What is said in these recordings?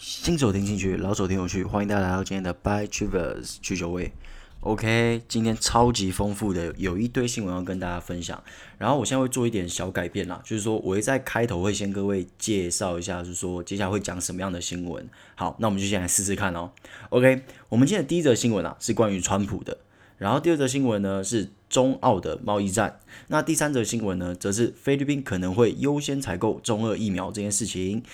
新手聽進去，老手聽有趣，歡迎大家來到今天的 By Travers 去酒味。OK，今天超級豐富的，有一堆新聞要跟大家分享。然後我現在會做一點小改變啦，就是說我會在開頭會先各位介紹一下，就是說接下來會講什麼樣的新聞。好，那我們就先來試試看哦。OK，我們今天的第一則新聞啊是關於川普的，然後第二則新聞呢是中澳的貿易戰，那第三則新聞呢則是菲律賓可能會優先採購中俄疫苗這件事情。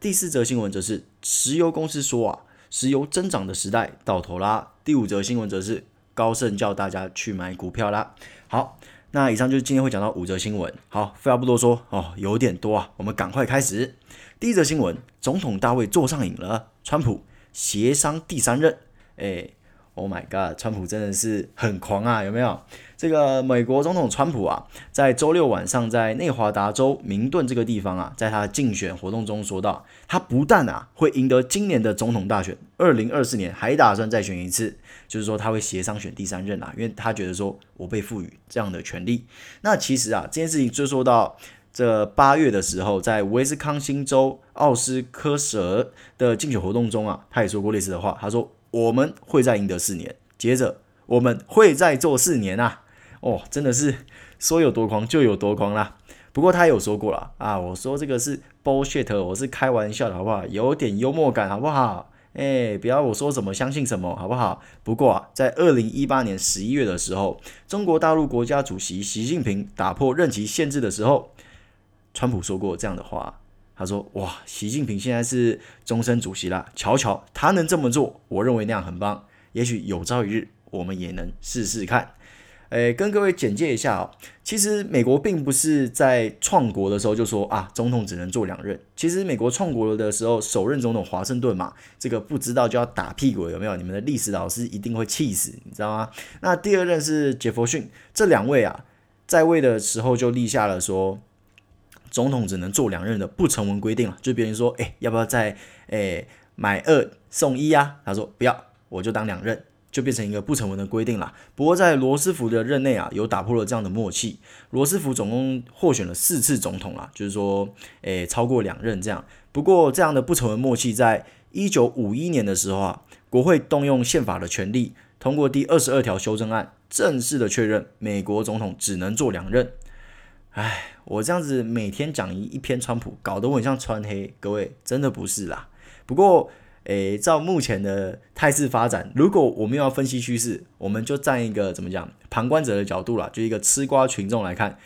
第四則新聞則是石油公司說啊，石油增長的時代到頭啦。第五則新聞則是高盛叫大家去買股票啦。好，那以上就是今天會講到五則新聞。好，廢話不多說哦，有點多啊，我們趕快開始。第一則新聞，總統大衛坐上癮了，川普協商第三任，誒 Oh my god！川普真的是很狂啊，有沒有？這個美國總統川普啊，在周六晚上在內華達州明頓這個地方啊，在他的競選活動中說到，他不但啊會贏得今年的總統大選，二零二四年還打算再選一次，就是說他會協商選第三任啊，因為他覺得說我被賦予這樣的權利。那其實啊，這件事情追溯到這八月的時候，在威斯康星州奧斯科舍的競選活動中啊，他也說過類似的話，他說。我們會再贏得四年，接着我們會再做四年啊！哦，真的是說有多狂就有多狂啦，啊。不過他有說過了啊，我說這個是 bullshit，我是開玩笑的好不好？有點幽默感好不好？哎，不要我說什麼相信什麼好不好？不過啊，在二零一八年十一月的時候，中國大陸國家主席習近平打破任期限制的時候，川普說過這樣的話。他說：“哇，習近平現在是終身主席啦，瞧瞧他能這麼做，我認為那樣很棒。也許有朝一日我們也能試試看。”哎，跟各位簡介一下哦，其實美國並不是在創國的時候就說啊，總統只能做兩任。其實美國創國的時候，首任總統華盛頓嘛，這個不知道就要打屁股，有沒有？你們的歷史老師一定會氣死，你知道嗎？那第二任是傑弗遜，這兩位啊，在位的時候就立下了說。總統只能做兩任的不成文規定了啊，就比如說，誒，要不要再，誒，買二送一啊？他說不要，我就當兩任，就變成一個不成文的規定了。不過在羅斯福的任內啊，有打破了這樣的默契。羅斯福總共獲選了四次總統啊，就是說，誒，超過兩任這樣。不過這樣的不成文默契，在一九五一年的時候啊，國會動用憲法的權力，通過第二十二條修正案，正式的確認美國總統只能做兩任。唉，我這樣子每天講一一篇川普，搞得我很像川黑。各位真的不是啦。不過，誒，照目前的態勢發展，如果我們又要分析趨勢，我們就站一個怎麼講，旁觀者的角度啦，就一個吃瓜群眾來看。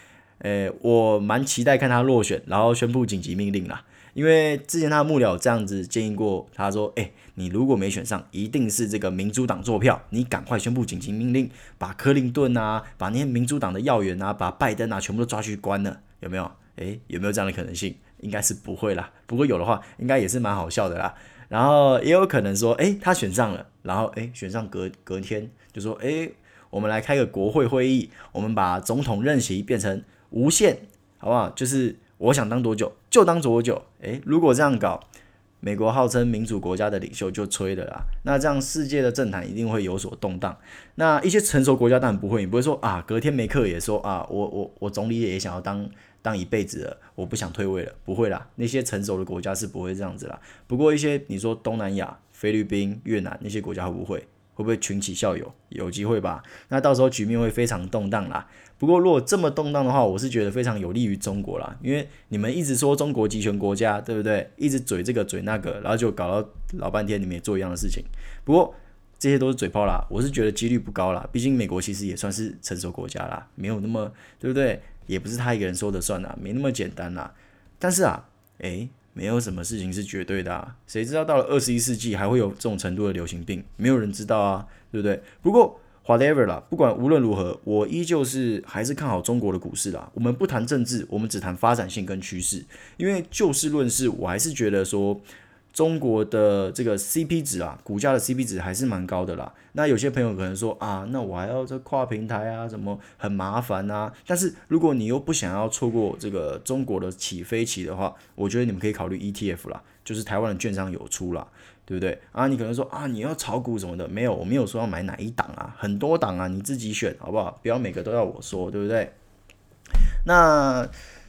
誒，我蠻期待看他落選，然後宣布緊急命令啦。因為之前他的幕僚這樣子建議過，他說，誒。你如果沒選上，一定是這個民主黨作票。你趕快宣布緊急命令，把克林頓啊，把那些民主黨的要員啊，把拜登啊，全部都抓去關了，有沒有？誒、欸，有沒有這樣的可能性？應該是不會啦。不過有的話，應該也是蠻好笑的啦。然後也有可能說，誒、欸，他選上了，然後誒、欸，選上隔隔天就說，誒、欸，我們來開個國會會議，我們把總統任期變成無限，好不好？就是我想當多久就當多久。誒、欸，如果這樣搞。美國號稱民主國家的領袖就吹了啦，那這樣世界的政壇一定會有所動盪。那一些成熟國家當然不會，你不會說啊，隔天梅克爾也說啊，我我我總理也想要當當一輩子了，我不想退位了，不會啦，那些成熟的國家是不會這樣子啦。不過一些你說東南亞、菲律賓、越南那些國家會不會會不會群起效尤，有機會吧？那到時候局面會非常動盪啦。不過，如果這麼動盪的話，我是覺得非常有利於中國啦。因為你們一直說中國集權國家，對不對？一直嘴這個嘴那個，然後就搞到老半天，你們也做一樣的事情。不過這些都是嘴炮啦，我是覺得幾率不高啦。畢竟美國其實也算是成熟國家啦，沒有那麼，對不對？也不是他一個人說的算啦，沒那麼簡單啦。但是啊，誒，沒有什麼事情是絕對的，啊，誰知道到了二十一世紀還會有這種程度的流行病？沒有人知道啊，對不對？不過。Whatever 啦，不管無論如何，我依舊是還是看好中國的股市啦。我們不談政治，我們只談發展性跟趨勢。因為就事論事，我還是覺得說中國的這個 CP 值啊，股價的 CP 值還是蠻高的啦。那有些朋友可能說啊，那我還要再跨平台啊，什麼很麻煩啊。但是如果你又不想要錯過這個中國的起飛期的話，我覺得你們可以考慮 ETF 啦，就是台灣的券商有出啦。對不對啊？你可能說啊，你要炒股什麼的，沒有，我沒有說要買哪一檔啊，很多檔啊，你自己選好不好？不要每個都要我說，對不對？那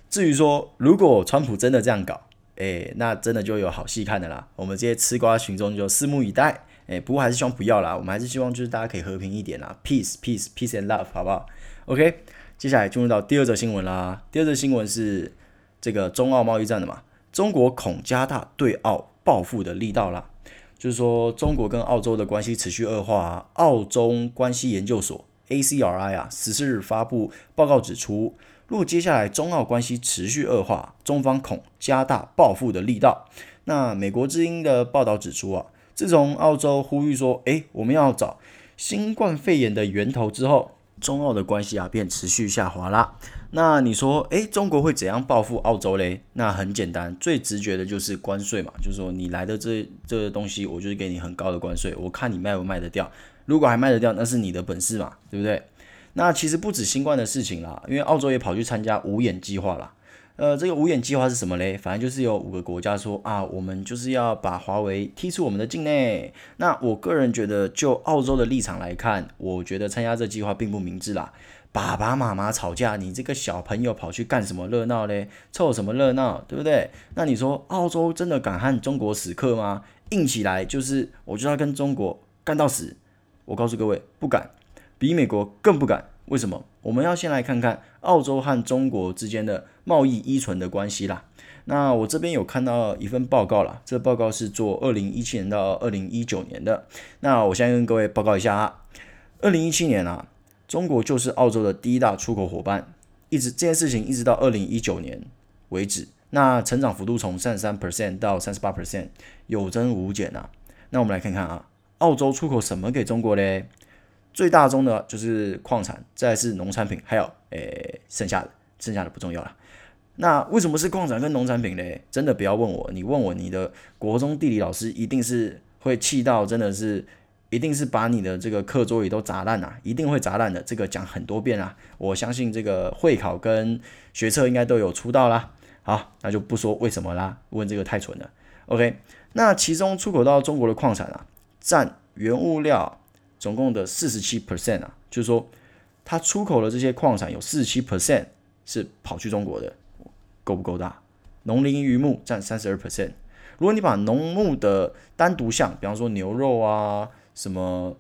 至於說，如果川普真的這樣搞，哎，那真的就有好戲看的啦。我們這些吃瓜群眾就拭目以待。哎，不過還是希望不要啦。我們還是希望就是大家可以和平一點啦，peace, peace, peace and love，好不好？OK，接下來進入到第二則新聞啦。第二則新聞是這個中澳貿易戰的嘛。中國恐加大對澳報復的力道啦。就是說，中國跟澳洲的關係持續惡化啊，澳中關係研究所 （ACRI） 啊，十四日發布報告指出，若接下來中澳關係持續惡化，中方恐加大報復的力道。那美國之音的報道指出啊，自從澳洲呼籲說，哎，欸，我們要找新冠肺炎的源頭之後，中澳的關係啊便持續下滑啦。那你說，誒，中國會怎樣報復澳洲嘞？那很簡單，最直覺的就是關稅嘛，就是說你來的這這個東西，我就是給你很高的關稅，我看你賣不賣得掉。如果還賣得掉，那是你的本事嘛，對不對？那其實不止新冠的事情啦，因為澳洲也跑去參加五眼計劃啦。呃，這個五眼計劃是什麼嘞？反正就是有五個國家說啊，我們就是要把華為踢出我們的境內。那我個人覺得，就澳洲的立場來看，我覺得參加這計劃並不明智啦。爸爸媽媽吵架，你這個小朋友跑去幹什麼熱鬧嘞？湊什麼熱鬧，對不對？那你說，澳洲真的敢和中國死磕嗎？硬起來就是，我就要跟中國幹到死。我告訴各位，不敢，比美國更不敢。為什麼？我們要先來看看澳洲和中國之間的貿易依存的關係啦。那我這邊有看到一份報告啦，這報告是做二零一七年到二零一九年的。那我先跟各位報告一下啊，二零一七年啊。中國就是澳洲的第一大出口夥伴，一直這件事情一直到二零一九年為止，那成長幅度從三十三到三十八 percent，有增無減吶、啊。那我們來看看啊，澳洲出口什麼給中國嘞？最大宗的就是礦產，再是農產品，還有誒、欸、剩下的，剩下的不重要了。那為什麼是礦產跟農產品嘞？真的不要問我，你問我你的國中地理老師一定是會氣到真的是。一定是把你的這個課桌椅都砸爛啊！一定會砸爛的。這個講很多遍啊，我相信這個會考跟學測應該都有出到啦。好，那就不說為什麼啦，問這個太蠢了。OK，那其中出口到中國的礦產啊，佔原物料總共的四十七 percent 啊，就是說它出口的這些礦產有四十七 percent 是跑去中國的，夠不夠大？農林漁牧佔三十二 percent。如果你把農牧的單獨項，比方說牛肉啊。什麼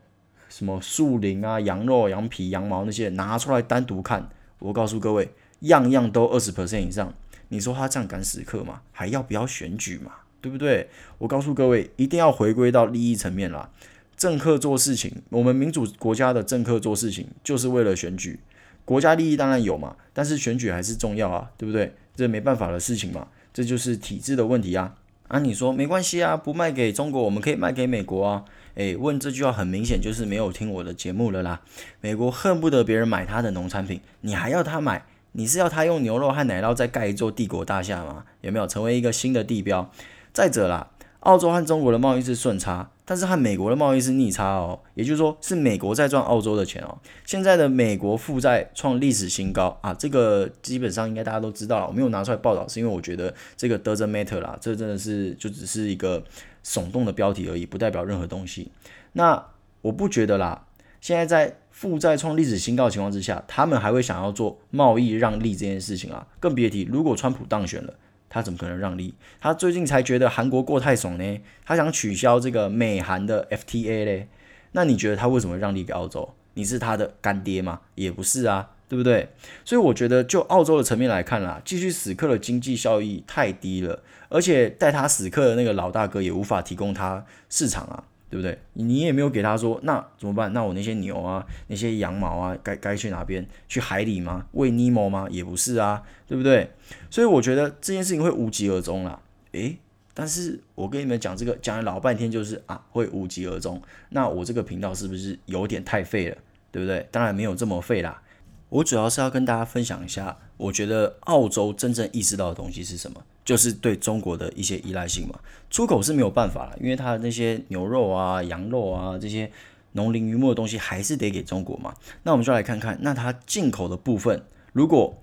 什麼樹林啊，羊肉、羊皮、羊毛那些拿出來單獨看，我告訴各位，樣樣都二十 percent 以上。你說他這樣敢死磕嗎？還要不要選舉嘛？對不對？我告訴各位，一定要回歸到利益層面啦。政客做事情，我們民主國家的政客做事情就是為了選舉，國家利益當然有嘛，但是選舉還是重要啊，對不對？這沒辦法的事情嘛，這就是體制的問題啊。啊，你說沒關係啊，不賣給中國，我們可以賣給美國啊。誒，問這句話很明顯就是沒有聽我的節目了啦。美國恨不得別人買他的農產品，你還要他買？你是要他用牛肉和奶酪再蓋一座帝國大廈嗎？有沒有成為一個新的地標？再者啦。澳洲和中國的貿易是順差，但是和美國的貿易是逆差哦，也就是說是美國在賺澳洲的錢哦。現在的美國負債創歷史新高啊，這個基本上應該大家都知道了。我沒有拿出來報道，是因為我覺得這個 doesn't matter 啦，這真的是就只是一個聳動的標題而已，不代表任何東西。那我不覺得啦，現在在負債創歷史新高的情況之下，他們還會想要做貿易讓利這件事情啊，更別提如果川普當選了。他怎麼可能讓利？他最近才覺得韓國過太爽呢，他想取消這個美韓的 FTA 嘞。那你覺得他為什麼讓利給澳洲？你是他的乾爹嗎？也不是啊，對不對？所以我覺得，就澳洲的層面來看啦，繼續死磕的經濟效益太低了，而且帶他死磕的那個老大哥也無法提供他市場啊。對不對？你也沒有給他說，那怎麼辦？那我那些牛啊，那些羊毛啊，該該去哪邊？去海裡嗎？餵尼莫嗎？也不是啊，對不對？所以我覺得這件事情會無疾而終啦。誒，但是我跟你們講這個，講了老半天，就是啊，會無疾而終。那我這個頻道是不是有點太廢了？對不對？當然沒有這麼廢啦。我主要是要跟大家分享一下，我覺得澳洲真正意識到的東西是什麼。就是對中國的一些依賴性嘛，出口是沒有辦法了，因為它的那些牛肉啊、羊肉啊這些農林漁牧的東西還是得給中國嘛。那我們就來看看，那它進口的部分，如果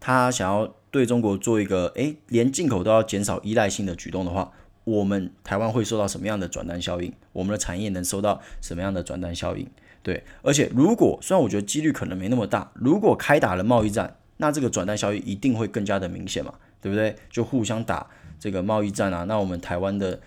它想要對中國做一個誒，連進口都要減少依賴性的舉動的話，我們台灣會受到什麼樣的轉單效應？我們的產業能受到什麼樣的轉單效應？對，而且如果雖然我覺得幾率可能沒那麼大，如果開打了貿易戰，那這個轉單效應一定會更加的明顯嘛。對不對？就互相打這個貿易戰啊，那我們台灣的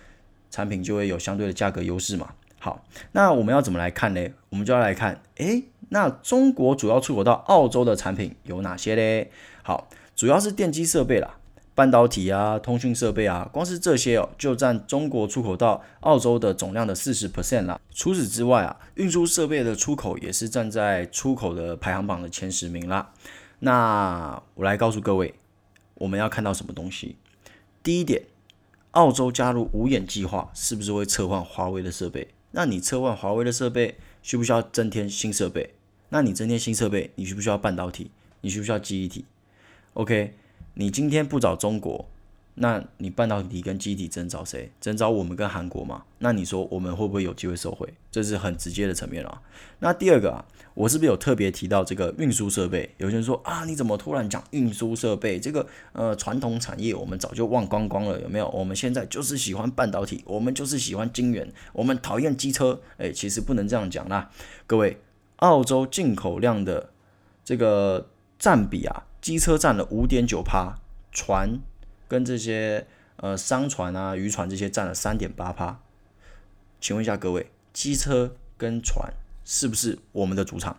產品就會有相對的價格優勢嘛。好，那我們要怎麼來看呢？我們就要來看，誒，那中國主要出口到澳洲的產品有哪些呢？好，主要是電機設備啦，半導體啊，通訊設備啊，光是這些哦，就佔中國出口到澳洲的總量的四十 percent 啦。除此之外啊，運輸設備的出口也是站在出口的排行榜的前十名啦。那我來告訴各位。我們要看到什麼東西？第一點，澳洲加入五眼計劃，是不是會撤換華為的設備？那你撤換華為的設備，需不需要增添新設備？那你增添新設備，你需不需要半導體？你需不需要記憶體？OK，你今天不找中國。那你半導體跟機體徵召誰？徵召我們跟韓國嗎？那你說我們會不會有機會收回？這是很直接的層面啊。那第二個啊，我是不是有特別提到這個運輸設備？有些人說啊，你怎麼突然講運輸設備？這個呃傳統產業我們早就忘光光了，有沒有？我們現在就是喜歡半導體，我們就是喜歡晶圓，我們討厭機車。誒、欸，其實不能這樣講啦，各位，澳洲進口量的這個佔比啊，機車占了五點九趴，船。跟這些呃商船啊、漁船這些占了三點八趴，請問一下各位，機車跟船是不是我們的主場？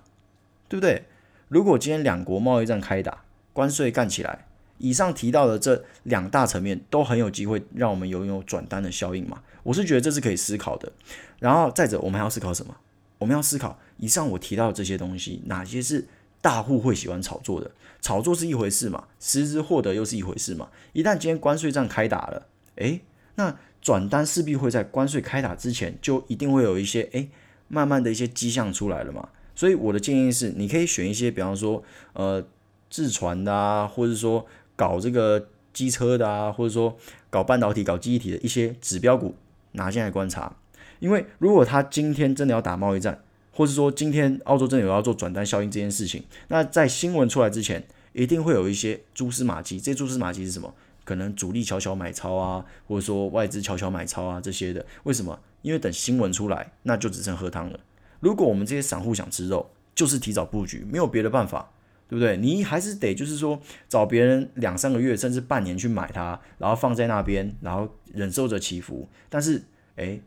對不對？如果今天兩國貿易戰開打，關稅幹起來，以上提到的這兩大層面都很有機會讓我們擁有轉單的效應嘛？我是覺得這是可以思考的。然後再者，我們還要思考什麼？我們要思考以上我提到的這些東西，哪些是大戶會喜歡炒作的？炒作是一回事嘛，實質獲得又是一回事嘛。一旦今天關稅戰開打了，哎、欸，那轉單勢必會在關稅開打之前就一定會有一些哎、欸，慢慢的一些跡象出來了嘛。所以我的建議是，你可以選一些，比方說呃，自傳的啊，或者說搞這個機車的啊，或者說搞半導體、搞記憶體的一些指標股拿進來觀察，因為如果他今天真的要打貿易戰。或是說，今天澳洲真的有要做轉單效應這件事情，那在新聞出來之前，一定會有一些蛛絲馬跡。這蛛絲馬跡是什麼？可能主力悄悄買超啊，或者說外資悄悄買超啊這些的。為什麼？因為等新聞出來，那就只剩喝湯了。如果我們這些散戶想吃肉，就是提早布局，沒有別的辦法，對不對？你還是得就是說，找別人兩三個月甚至半年去買它，然後放在那邊，然後忍受着起伏。但是，哎。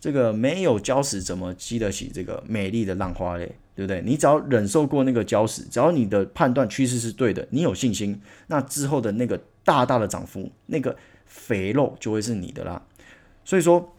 這個沒有礁石怎麼激得起這個美麗的浪花嘞？對不對？你只要忍受過那個礁石，只要你的判斷趨勢是對的，你有信心，那之後的那個大大的漲幅，那個肥肉就會是你的啦。所以說，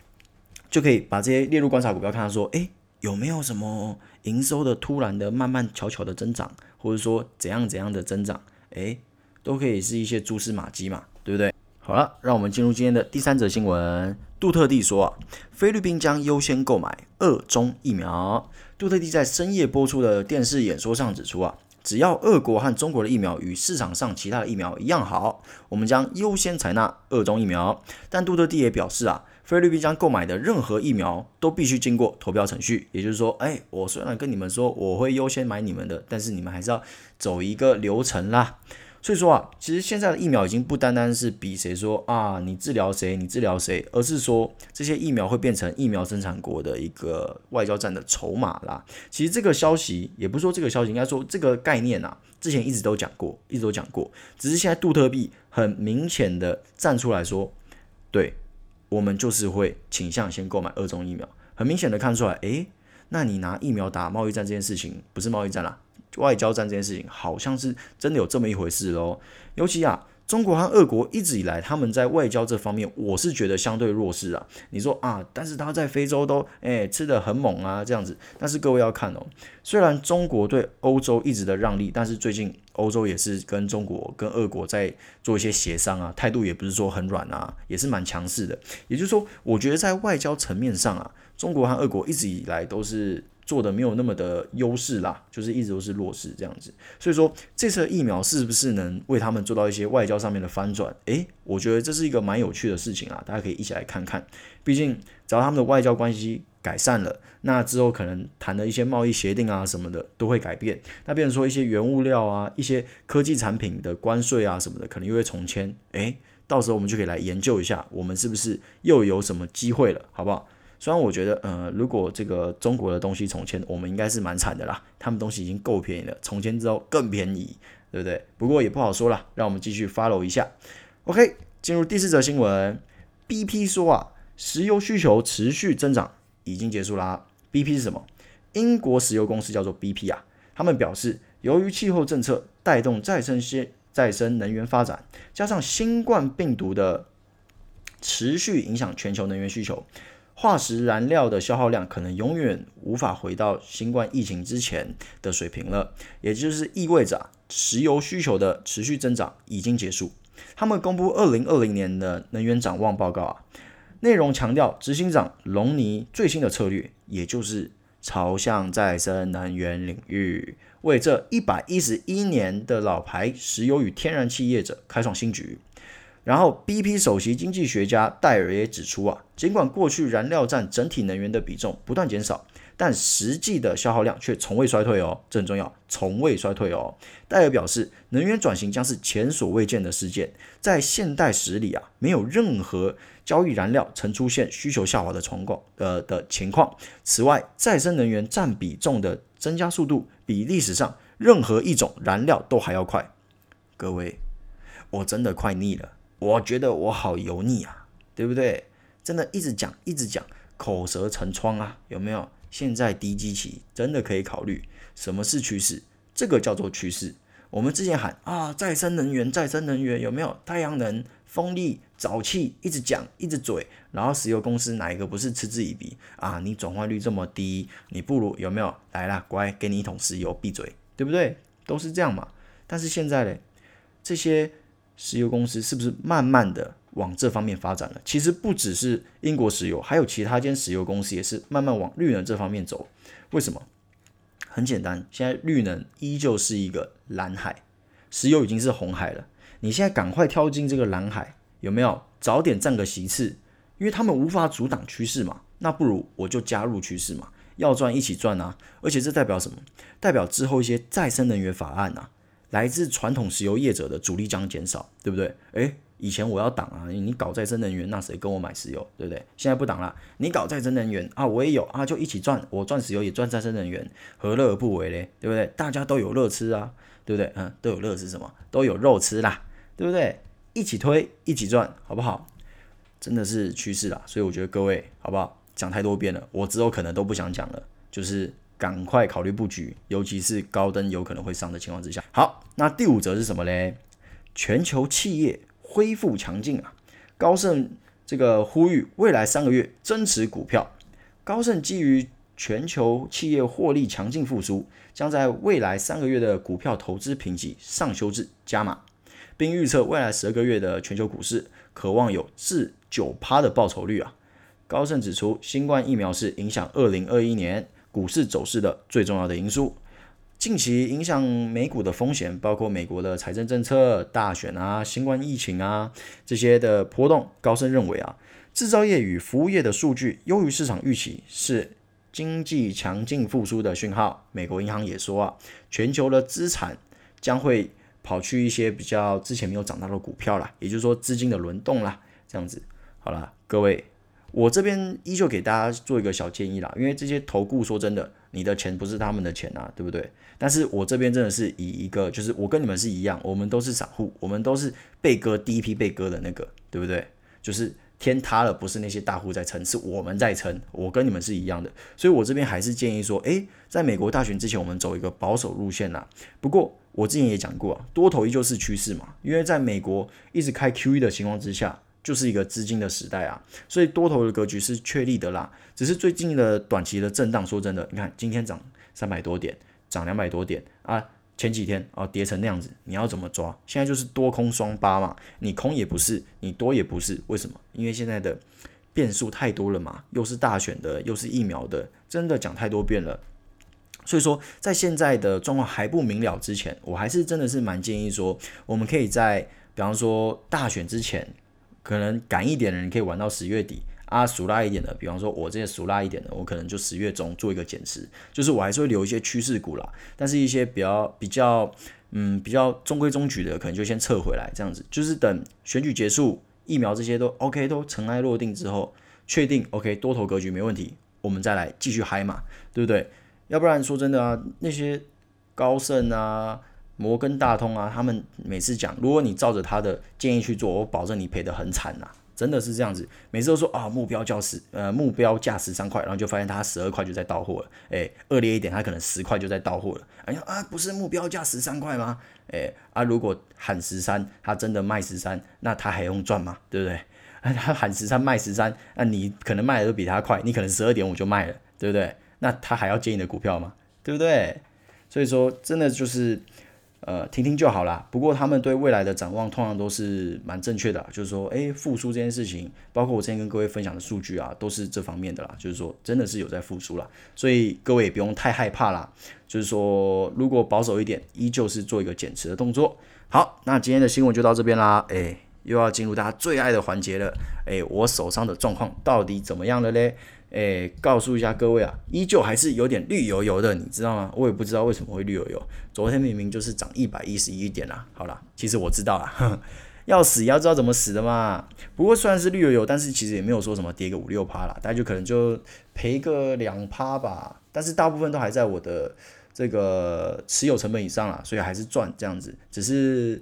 就可以把這些列入觀察股票，看他說，哎，有沒有什麼營收的突然的、慢慢悄悄的增長，或者說怎樣怎樣的增長，哎，都可以是一些蛛絲馬跡嘛，對不對？好了，讓我們進入今天的第三則新聞。杜特蒂說，啊，菲律賓將優先購買俄中疫苗。杜特蒂在深夜播出的電視演說上指出，啊，只要俄國和中國的疫苗與市場上其他的疫苗一樣好，我們將優先採納俄中疫苗。但杜特蒂也表示，啊，菲律賓將購買的任何疫苗都必須經過投標程序。也就是說，哎，我雖然跟你們說我會優先買你們的，但是你們還是要走一個流程啦。所以說啊，其實現在的疫苗已經不單單是比誰說啊，你治療誰，你治療誰，而是說這些疫苗會變成疫苗生產國的一個外交戰的籌碼啦。其實這個消息，也不是說這個消息，應該說這個概念啊，之前一直都講過，一直都講過，只是現在杜特蒂很明顯的站出來說，對，我們就是會傾向先購買俄中疫苗，很明顯的看出來，誒，那你拿疫苗打貿易戰這件事情，不是貿易戰啦。外交戰這件事情好像是真的有這麼一回事咯，尤其啊，中國和俄國一直以來他們在外交這方面，我是覺得相對弱勢啊。你說啊，但是他在非洲都誒、欸、吃的很猛啊這樣子。但是各位要看哦，雖然中國對歐洲一直的讓利，但是最近歐洲也是跟中國跟俄國在做一些協商啊，態度也不是說很軟啊，也是蠻強勢的。也就是說，我覺得在外交層面上啊，中國和俄國一直以來都是。做的沒有那麼的優勢啦，就是一直都是弱勢這樣子，所以說這次疫苗是不是能為他們做到一些外交上面的翻轉？誒，我覺得這是一個蠻有趣的事情啊，大家可以一起來看看。畢竟只要他們的外交關係改善了，那之後可能談的一些貿易協定啊什麼的都會改變。那比如說一些原物料啊、一些科技產品的關稅啊什麼的，可能又會重簽。誒，到時候我們就可以來研究一下，我們是不是又有什麼機會了，好不好？雖然我覺得，呃，如果這個中國的東西重簽，我們應該是蠻慘的啦。他們東西已經夠便宜了，重簽之後更便宜，對不對？不過也不好說啦，讓我們繼續 follow 一下。OK，進入第四則新聞。BP 說啊，石油需求持續增長已經結束啦。BP 是什麼？英國石油公司叫做 BP 啊。他們表示，由於氣候政策帶動再生些再生能源發展，加上新冠病毒的持續影響，全球能源需求，化石燃料的消耗量可能永遠無法回到新冠疫情之前的水平了，也就是意味着啊，石油需求的持續增長已經結束。他們公布二零二零年的能源展望報告啊，內容強調執行長隆尼最新的策略，也就是朝向再生能源領域，為這一百一十一年的老牌石油與天然氣業者開創新局。然後，BP 首席經濟學家戴爾也指出啊，儘管過去燃料佔整體能源的比重不斷減少，但實際的消耗量卻從未衰退哦，這很重要，從未衰退哦。戴爾表示，能源轉型將是前所未見的事件，在現代史裡啊，沒有任何交易燃料曾出現需求下滑的狀況，呃的情況。此外，再生能源佔比重的增加速度比歷史上任何一種燃料都還要快。各位，我真的快膩了。我覺得我好油膩啊，對不對？真的，一直講，一直講，口舌成瘡啊，有沒有？現在低基期，真的可以考慮什麼是趨勢，這個叫做趨勢。我們之前喊啊，再生能源，再生能源，有沒有？太陽能、風力、沼氣，一直講，一直嘴，然後石油公司哪一個不是嗤之以鼻啊？你轉化率這麼低，你不如有沒有？來啦，乖，給你一桶石油，閉嘴，對不對？都是這樣嘛。但是現在嘞，這些。石油公司是不是慢慢的往這方面發展了？其實不只是英國石油，還有其他間石油公司也是慢慢往綠能這方面走。為什麼？很簡單，現在綠能依舊是一個藍海，石油已經是紅海了。你現在趕快跳進這個藍海，有沒有？早點占個席次，因為他們無法阻擋趨勢嘛。那不如我就加入趨勢嘛，要賺一起賺啊。而且這代表什麼？代表之後一些再生能源法案啊。來自傳統石油業者的阻力將減少，對不對？誒，以前我要擋啊，你搞再生能源，那誰跟我買石油，對不對？現在不擋了，你搞再生能源啊，我也有啊，就一起賺，我賺石油也賺再生能源，何樂而不為嘞？對不對？大家都有樂吃啊，對不對？嗯，都有樂吃什麼？都有肉吃啦，對不對？一起推，一起賺，好不好？真的是趨勢啦，所以我覺得各位好不好？講太多遍了，我之後可能都不想講了，就是。趕快考慮布局，尤其是高登有可能會上的情況之下。好，那第五則是什麼嘞？全球企業恢復強勁啊，高盛這個呼籲未來三個月增持股票。高盛基於全球企業獲利強勁復甦，將在未來三個月的股票投資評級上修至加碼，並預測未來十二個月的全球股市可望有至九趴的報酬率啊。高盛指出，新冠疫苗是影響二零二一年。股市走勢的最重要的因素，近期影響美股的風險包括美國的財政政策、大選啊、新冠疫情啊這些的波動。高盛認為啊，製造業與服務業的數據優於市場預期，是經濟強勁復甦的訊號。美國銀行也說啊，全球的資產將會跑去一些比較之前沒有漲到的股票啦，也就是說資金的輪動啦，這樣子。好了，各位。我這邊依舊給大家做一個小建議啦，因為這些投顧說真的，你的錢不是他們的錢啊，對不對？但是我這邊真的是以一個，就是我跟你們是一樣，我們都是散戶，我們都是被割第一批被割的那個，對不對？就是天塌了，不是那些大戶在撐，是我們在撐。我跟你們是一樣的，所以我這邊還是建議說，誒，在美國大選之前，我們走一個保守路線啦啊。不過我之前也講過啊，多頭依舊是趨勢嘛，因為在美國一直開 QE 的情況之下。就是一個資金的時代啊，所以多頭的格局是確立的啦。只是最近的短期的震盪，說真的，你看今天漲三百多點，漲兩百多點啊，前幾天啊跌成那樣子，你要怎麼抓？現在就是多空雙八嘛，你空也不是，你多也不是，為什麼？因為現在的變數太多了嘛，又是大選的，又是疫苗的，真的講太多遍了。所以說，在現在的狀況還不明了之前，我還是真的是蠻建議說，我們可以在，比方說大選之前，可能趕一點的人可以玩到十月底啊，熟拉一點的，比方說我這些熟拉一點的，我可能就十月中做一個減持，就是我還是會留一些趨勢股啦，但是一些比較比較嗯比較中規中矩的，可能就先撤回來這樣子，就是等選舉結束，疫苗這些都 OK 都塵埃落定之後，確定 OK 多頭格局沒問題，我們再來繼續嗨嘛，對不對？要不然說真的啊，那些高盛啊。摩根大通啊，他們每次講，如果你照着他的建議去做，我保證你賠的很慘吶、啊，真的是這樣子。每次都說啊、哦，目標價十，呃，目標價十三塊，然後就發現他十二塊就在倒貨了。哎，惡劣一點，他可能十塊就在倒貨了。哎，啊，不是目標價十三塊嗎？哎，啊，如果喊十三，他真的賣十三，那他還用賺嗎？對不對？他喊十三賣十三，那你可能賣的都比他快，你可能十二點五就賣了，對不對？那他還要接你的股票嗎？對不對？所以說，真的就是。呃，聽聽就好啦。不過他們對未來的展望通常都是蠻正確的，就是說，誒，復甦這件事情，包括我之前跟各位分享的數據啊，都是這方面的啦。就是說，真的是有在復甦啦，所以各位也不用太害怕啦。就是說，如果保守一點，依舊是做一個減持的動作。好，那今天的新聞就到這邊啦。誒，又要進入大家最愛的環節了。誒，我手上的狀況到底怎麼樣了嘞？哎、欸，告訴一下各位啊，依舊還是有點綠油油的，你知道嗎？我也不知道為什麼會綠油油。昨天明明就是漲一百一十一點啦。好啦，其實我知道啦，要死也要知道怎麼死的嘛。不過雖然是綠油油，但是其實也沒有說什麼跌個五六趴啦，大家就可能就賠個兩趴吧。但是大部分都還在我的這個持有成本以上啦，所以還是賺這樣子，只是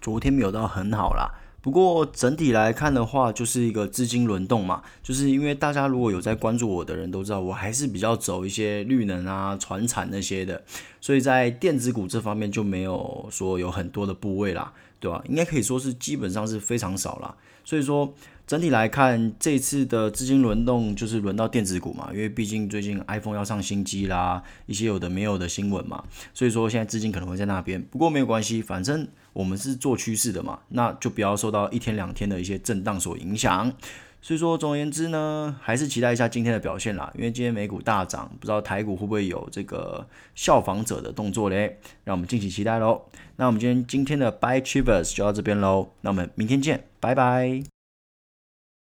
昨天沒有到很好啦。不過整體來看的話，就是一個資金輪動嘛，就是因為大家如果有在關注我的人都知道，我還是比較走一些綠能啊、傳產那些的，所以在電子股這方面就沒有說有很多的部位啦，對吧、啊？應該可以說是基本上是非常少啦，所以說。整體來看，這次的資金輪動就是輪到電子股嘛，因為畢竟最近 iPhone 要上新機啦，一些有的沒有的新聞嘛，所以說現在資金可能會在那邊。不過沒有關係，反正我們是做趨勢的嘛，那就不要受到一天兩天的一些震盪所影響。所以說，總而言之呢，還是期待一下今天的表現啦，因為今天美股大漲，不知道台股會不會有這個效仿者的動作嘞？讓我們敬請期待嘍。那我們今天今天的 Bye Trivers 就到這邊嘍，那我們明天見，拜拜。